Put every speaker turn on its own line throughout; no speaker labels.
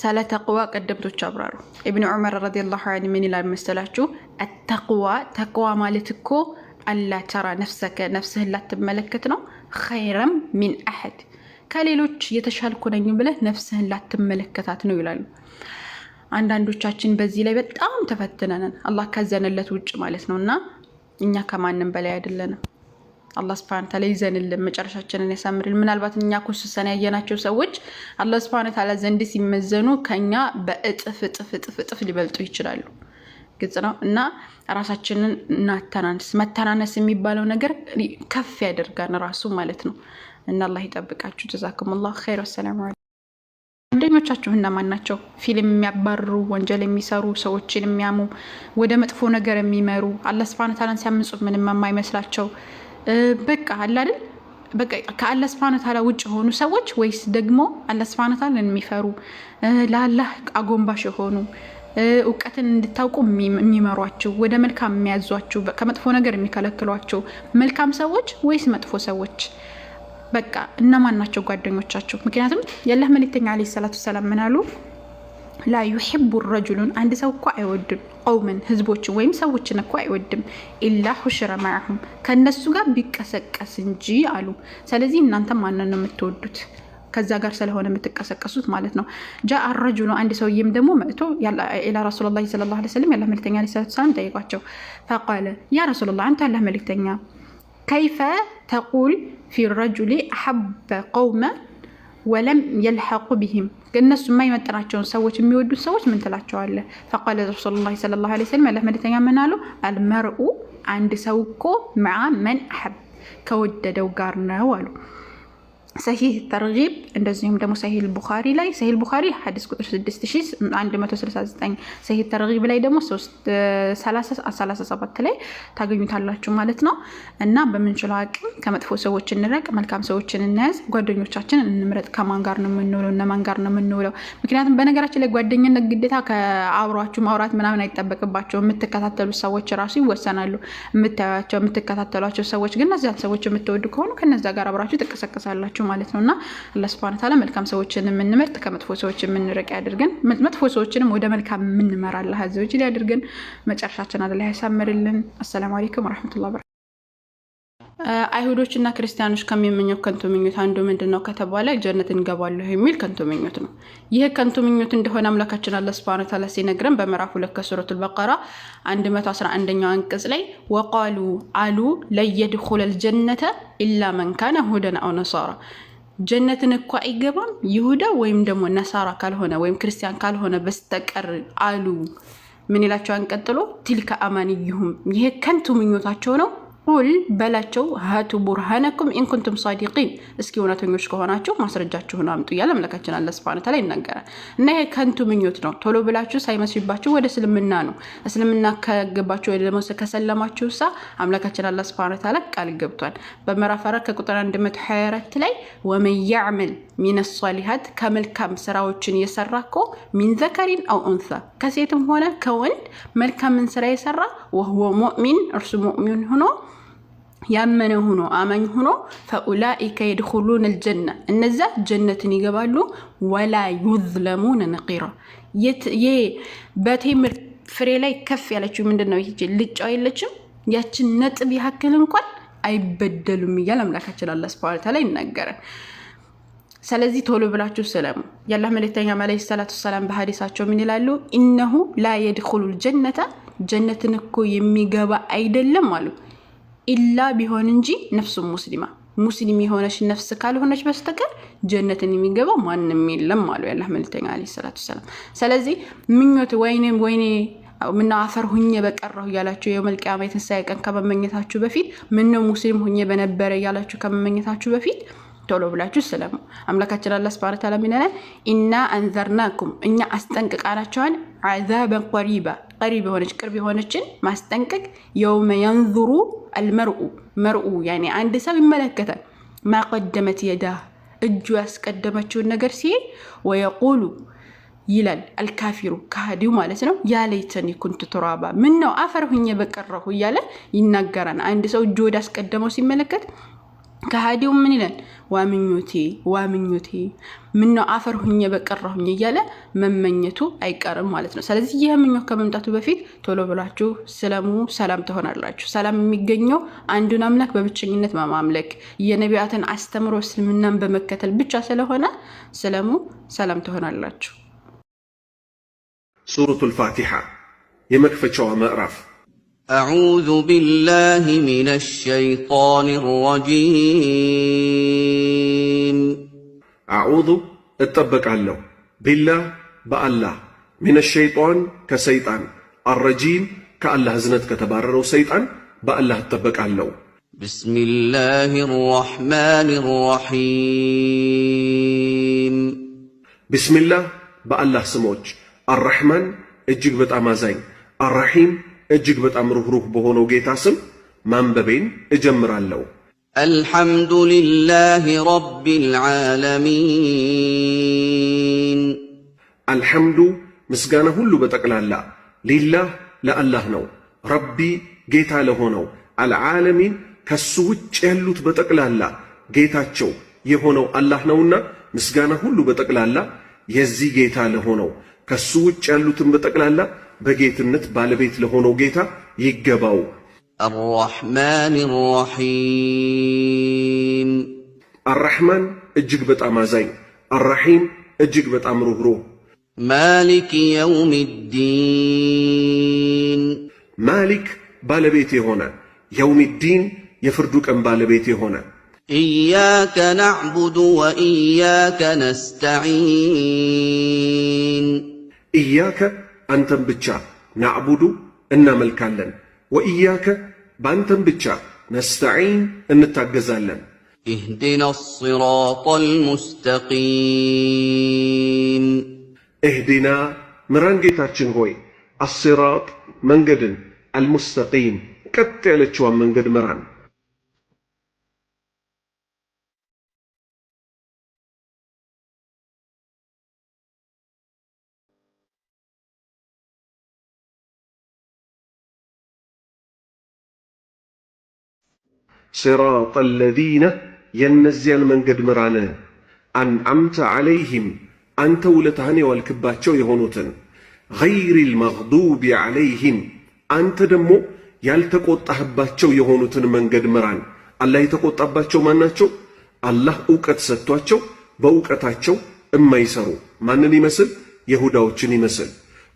ስለ ተቅዋ ቀደምቶች አብራሩ። ኢብን ዑመር ረዲየላሁ ዐንሁ ምን ይላል መሰላችሁ? አተቅዋ ተቅዋ ማለት እኮ አላ ተራ ነፍሰከ ነፍስህን ላትመለከት ነው። ኸይረም ሚን አሐድ ከሌሎች የተሻልኩ ነኝ ብለህ ነፍስህን ላትመለከታት ነው ይላሉ። አንዳንዶቻችን በዚህ ላይ በጣም ተፈትነንን አላህ ካዘነለት ውጭ ማለት ነው እና እኛ ከማንም በላይ አይደለንም። አላህ ስብሐነ ተዓላ ይዘንልን መጨረሻችንን ያሳምርል። ምናልባት እኛ ኮስሰን ያየናቸው ሰዎች አላህ ስብሐነ ተዓላ ዘንድ ሲመዘኑ ከኛ በእጥፍ እጥፍ እጥፍ እጥፍ ሊበልጡ ይችላሉ። ግልጽ ነው እና ራሳችንን እናተናንስ። መተናነስ የሚባለው ነገር ከፍ ያደርጋን ራሱ ማለት ነው። እና አላህ ይጠብቃችሁ። ጀዛኩሙላሁ ኸይር። ወሰላሙ አለይኩም። ወንጀኞቻችሁ እነማን ናቸው? ፊልም የሚያባርሩ፣ ወንጀል የሚሰሩ፣ ሰዎችን የሚያሙ፣ ወደ መጥፎ ነገር የሚመሩ አላህ ስብሐነ ተዓላን ሲያምጹ ምንም የማይመስላቸው በቃ አለ አይደል ከአላህ ውጭ የሆኑ ሰዎች ወይስ ደግሞ አላህ የሚፈሩ ለአላህ አጎንባሽ የሆኑ እውቀትን እንድታውቁ የሚመሯችሁ ወደ መልካም የሚያዟችሁ ከመጥፎ ነገር የሚከለክሏችሁ መልካም ሰዎች ወይስ መጥፎ ሰዎች? በቃ እነማን ናቸው ጓደኞቻችሁ? ምክንያቱም የአላህ መልእክተኛ ዓለይሂ ሰላቱ ሰላም ምን አሉ? ላ ዩሒቡ ረጁሉን አንድ ሰው እኮ አይወድም ቀውምን ህዝቦችን ወይም ሰዎችን እኮ አይወድም። ኢላ ሁሽረ ማዕሁም ከእነሱ ጋር ቢቀሰቀስ እንጂ አሉ። ስለዚህ እናንተ ማንን ነው የምትወዱት? ከዛ ጋር ስለሆነ የምትቀሰቀሱት ማለት ነው። ጃ አረጁሉ አንድ ሰውዬም ደግሞ መጥቶ ላ ረሱላ ላ ስለ ላ ስለም ያላ መልክተኛ ሰላት ሰላም ጠይቋቸው። ፈቃለ ያ ረሱላ ላ አንተ ያላ መልክተኛ ከይፈ ተቁል ፊ ረጁሊ አሐበ ቀውመ ወለም የልሐቁ ቢህም እነሱ የማይመጥናቸውን ሰዎች የሚወዱት ሰዎች ምን ትላቸዋለህ? ፈቃለ ረሱሉላሂ ሰለላሁ ዐለይሂ ወሰለም አላህ መልክተኛ ምን አሉ? አልመርኡ አንድ ሰው እኮ መዓ መን አሐብ ከወደደው ጋር ነው አሉ። ሰሂህ ተርጊብ እንደዚሁም ደግሞ ሰሂህ ቡኻሪ ላይ ሰሂህ ቡኻሪ ሐዲስ ቁጥር 6169 ሰሂህ ተርጊብ ላይ ደግሞ 37 ላይ ታገኙታላችሁ ማለት ነው። እና በምንችለው አቅም ከመጥፎ ሰዎች እንረቅ፣ መልካም ሰዎችን እንያዝ፣ ጓደኞቻችን እንምረጥ። ከማን ጋር ነው የምንውለው? እነማን ጋር ነው የምንውለው? ምክንያቱም በነገራችን ላይ ጓደኝነት ግዴታ ከአብሯችሁ ማውራት ምናምን አይጠበቅባቸው። የምትከታተሉት ሰዎች ራሱ ይወሰናሉ። የምታዩቸው የምትከታተሏቸው ሰዎች ግን እነዚያን ሰዎች የምትወዱ ከሆኑ ከነዚያ ጋር አብራችሁ ትቀሰቀሳላችሁ ማለት ነው እና አላህ ሱብሃነሁ ወተዓላ መልካም ሰዎችን የምንመርጥ ከመጥፎ ሰዎች የምንርቅ ያድርገን። መጥፎ ሰዎችንም ወደ መልካም የምንመራ አላህ አዘወጅል ያድርገን። መጨረሻችን አደላ ያሳምርልን። አሰላሙ አለይኩም ወረሕመቱላሂ አይሁዶች እና ክርስቲያኖች ከሚመኘው ከንቱ ምኞት አንዱ ምንድን ነው ከተባለ ጀነት እንገባለሁ የሚል ከንቱ ምኞት ነው። ይህ ከንቱ ምኞት እንደሆነ አምላካችን አላህ ሱብሃነሁ ወተዓላ ሲነግረን በምዕራፍ ሁለት ከሱረቱል በቀራ 111ኛው አንቀጽ ላይ ወቃሉ አሉ ለየድኹለል ጀነተ ኢላ መንካነ ሁደን አው ነሳራ፣ ጀነትን እኮ አይገባም ይሁዳ ወይም ደግሞ ነሳራ ካልሆነ ወይም ክርስቲያን ካልሆነ በስተቀር አሉ። ምን ይላቸው አንቀጥሎ ቲልከ አማንይሁም ይሄ ከንቱ ምኞታቸው ነው ቁል በላቸው ሀቱ ቡርሃነኩም ኢንኩንቱም ሳዲቂን፣ እስኪ እውነተኞች ከሆናችሁ ማስረጃችሁን አምጡ እያለ አምላካችን አላህ ሱብሓነሁ ወተዓላ ይናገራል። እና ይሄ ከንቱ ምኞት ነው። ቶሎ ብላችሁ ሳይመስልባችሁ ወደ እስልምና ነው። እስልምና ከገባችሁ ወይ ደግሞ ከሰለማችሁ ሳ አምላካችን አላህ ሱብሓነሁ ወተዓላ ቃል ገብቷል። በምዕራፍ አራት ከቁጥር 124 ላይ ወመን ያዕመል ሚነ ሷሊሃት ከመልካም ስራዎችን የሰራ እኮ ሚን ዘከሪን አው ኡንሳ ከሴትም ሆነ ከወንድ መልካምን ስራ የሰራ ወህወ ሙእሚን እርሱ ሙእሚን ሆኖ ያመነ ሆኖ አማኝ ሆኖ ፈኡላኢከ የድኩሉን ልጀና እነዛ ጀነትን ይገባሉ። ወላ ዩዝለሙን ነቂራ ይህ በቴምር ፍሬ ላይ ከፍ ያለችው ምንድን ነው? ይች ልጫው የለችም ያችን ነጥብ ያክል እንኳን አይበደሉም እያል አምላካችን አላ ስብን ታላ ይናገራል። ስለዚህ ቶሎ ብላችሁ ስለሙ። የአላህ መልእክተኛ ዓለይሂ ሰላቱ ሰላም በሀዲሳቸው ምን ይላሉ? ኢነሁ ላ የድኹሉል ጀነተ ጀነትን እኮ የሚገባ አይደለም አሉ ኢላ ቢሆን እንጂ ነፍሱ ሙስሊማ ሙስሊም የሆነች ነፍስ ካልሆነች በስተቀር ጀነትን የሚገባው ማንም የለም አሉ ያላህ መልእክተኛ ዓለይሂ ሰላቱ ሰላም። ስለዚህ ምኞት ወይኔ ወይኔ ምነው አፈር ሁኜ በቀረሁ እያላችሁ የመልቅያማ የትንሣኤ ቀን ከመመኘታችሁ በፊት ምነው ሙስሊም ሁኜ በነበረ እያላችሁ ከመመኘታችሁ በፊት ቶሎ ብላችሁ ስለሙ። አምላካችን አላህ ሱብሓነሁ ወተዓላ ምን አለ? ኢና አንዘርናኩም እኛ አስጠንቅቃናቸዋል አዛበን ቀሪባ ቀሪብ የሆነች ቅርብ የሆነችን ማስጠንቀቅ የውመ የንዙሩ አልመርኡ መርኡ ያኔ አንድ ሰው ይመለከታል። ማቀደመት የዳ እጁ ያስቀደመችውን ነገር ሲሄድ ወየቁሉ ይላል አልካፊሩ ከሃዲው ማለት ነው። ያለይተኒ ኩንቱ ቱራባ ምን ነው አፈር ሁኜ በቀረሁ እያለ ይናገራል። አንድ ሰው እጁ ወዳስቀደመው ሲመለከት ከሃዲው ምን ይላል? ዋምኞቴ ዋምኞቴ ምን ነው አፈር ሁኜ በቀረሁኝ እያለ መመኘቱ አይቀርም ማለት ነው። ስለዚህ ይህ ምኞት ከመምጣቱ በፊት ቶሎ ብላችሁ ስለሙ፣ ሰላም ትሆናላችሁ። ሰላም የሚገኘው አንዱን አምላክ በብቸኝነት በማምለክ የነቢያትን አስተምሮ እስልምናን በመከተል ብቻ ስለሆነ ስለሙ፣ ሰላም ትሆናላችሁ።
ሱረቱል ፋቲሓ የመክፈቻዋ ምዕራፍ أعوذ بالله من الشيطان الرجيم أعوذ اتبك الله بالله بالله من الشيطان كسيطان الرجيم كالله هزنت كتبارر سيطان بالله اتبك الله بسم الله الرحمن الرحيم بسم الله بالله سموج الرحمن እጅግ በጣም አዛኝ አራሒም እጅግ በጣም ሩህሩህ በሆነው ጌታ ስም ማንበቤን እጀምራለሁ። አልሐምዱ ሊላህ ረቢል ዓለሚን። አልሐምዱ ምስጋና ሁሉ በጠቅላላ ሊላህ ለአላህ ነው። ረቢ ጌታ ለሆነው አልዓለሚን ከሱ ውጭ ያሉት በጠቅላላ ጌታቸው የሆነው አላህ ነውና ምስጋና ሁሉ በጠቅላላ የዚህ ጌታ ለሆነው ከሱ ውጭ ያሉትን በጠቅላላ በጌትነት ባለቤት ለሆነው ጌታ ይገባው። አርራህማን ራሒም አርራህማን እጅግ በጣም አዛኝ፣ አርራሒም እጅግ በጣም ሩህሩህ። ማሊክ የውም ዲን ማሊክ ባለቤት የሆነ የውም ዲን የፍርዱ ቀን ባለቤት የሆነ ኢያከ ናዕቡዱ ወኢያከ ነስተዒን ኢያከ አንተን ብቻ ናዕቡዱ እናመልካለን፣ ወኢያከ በአንተን ብቻ ነስተዒን እንታገዛለን። እህዲና ሲራጠል ሙስተቂም እህዲና ምራን ጌታችን ሆይ አሲራጥ መንገድን አልሙስተቂም ቀጥ ያለችዋን መንገድ ምራን ሲራጠ ለዚነ የእነዚያን መንገድ ምራን አንዓምተ ዓለይህም አንተ ውለታህን የዋልክባቸው የሆኑትን ገይሪል መግዱቢ ዓለይህም አንተ ደግሞ ያልተቆጣህባቸው የሆኑትን መንገድ ምራን። አላህ የተቆጣባቸው ማናቸው? አላህ እውቀት ሰጥቷቸው በእውቀታቸው እማይሰሩ ማንን ይመስል? የሁዳዎችን ይመስል።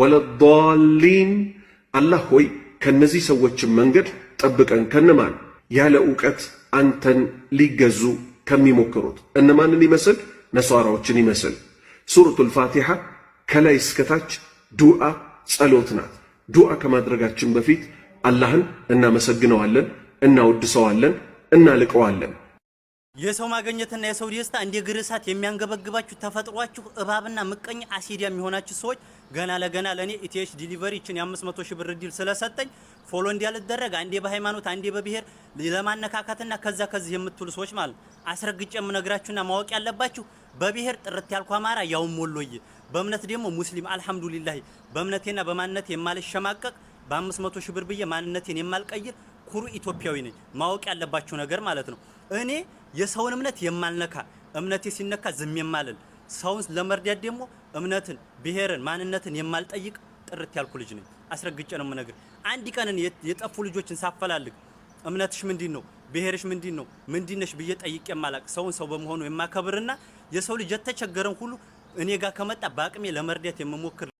ወለዳሊን አላህ ሆይ ከነዚህ ሰዎችን መንገድ ጠብቀን ከነማን ያለ እውቀት አንተን ሊገዙ ከሚሞክሩት እነማንን ይመስል? ነሷራዎችን ይመስል። ሱረቱል ፋቲሃ ከላይ እስከታች ዱዓ ጸሎት ናት። ዱዓ ከማድረጋችን በፊት አላህን እናመሰግነዋለን፣ እናወድሰዋለን፣ እናልቀዋለን።
የሰው ማገኘትና የሰው ደስታ እንደ ግር እሳት የሚያንገበግባችሁ ተፈጥሯችሁ እባብና ምቀኝ አሲድ የሚሆናችሁ ሰዎች ገና ለገና ለእኔ ኢቲኤች ዲሊቨሪ ይችን የ500 ሺህ ብር ዲል ስለሰጠኝ ፎሎ እንዲያልደረግ አንዴ በሃይማኖት አንዴ በብሔር ለማነካካትና ከዛ ከዚህ የምትሉ ሰዎች ማለት አስረግጬ የምነግራችሁና ማወቅ ያለባችሁ በብሔር ጥርት ያልኩ አማራ ያውም ወሎዬ፣ በእምነት ደግሞ ሙስሊም አልሐምዱሊላህ፣ በእምነቴና በማንነት የማልሸማቀቅ በ500 ሺህ ብር ብዬ ማንነቴን የማልቀይር ኩሩ ኢትዮጵያዊ ነኝ። ማወቅ ያለባችሁ ነገር ማለት ነው እኔ የሰውን እምነት የማልነካ እምነቴ ሲነካ ዝም የማልል ሰውን ለመርዳት ደግሞ እምነትን፣ ብሔርን፣ ማንነትን የማልጠይቅ ጥርት ያልኩ ልጅ ነኝ። አስረግጬ ነው የምነግር። አንድ ቀንን የጠፉ ልጆችን ሳፈላልግ እምነትሽ ምንድን ነው? ብሔርሽ ምንድን ነው? ምንድነሽ ብዬ ጠይቄ የማላቅ ሰውን ሰው በመሆኑ የማከብርና የሰው ልጅ የተቸገረን ሁሉ እኔ ጋር ከመጣ በአቅሜ ለመርዳት የምሞክር